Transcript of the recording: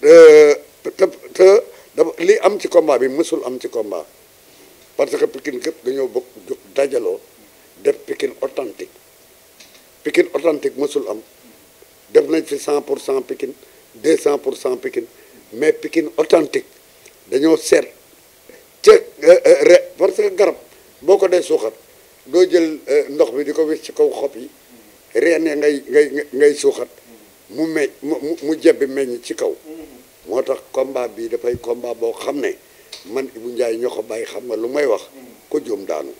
te te li am ci combat bi mësul am ci combat parce que Pikine képp dañoo bokk dajaloo def Pikine authentique Pikine authentique mësul am def nañ fi cent pour cent Pikine cent pour cent Pikine mais Pikine authentique dañoo seet ca euh, euh, re parce que garab boo ko dee suuxat doo jël euh, ndox bi di ko wis ci kaw xob yi reen ngay ngay ngay suuxat mu meñ mu mu jebbi meññ ci kaw moo tax combat bi dafay combat boo xam ne man Ibou Ndiaye ñoo ko bàyyi xam nga lu may wax ko joom daanu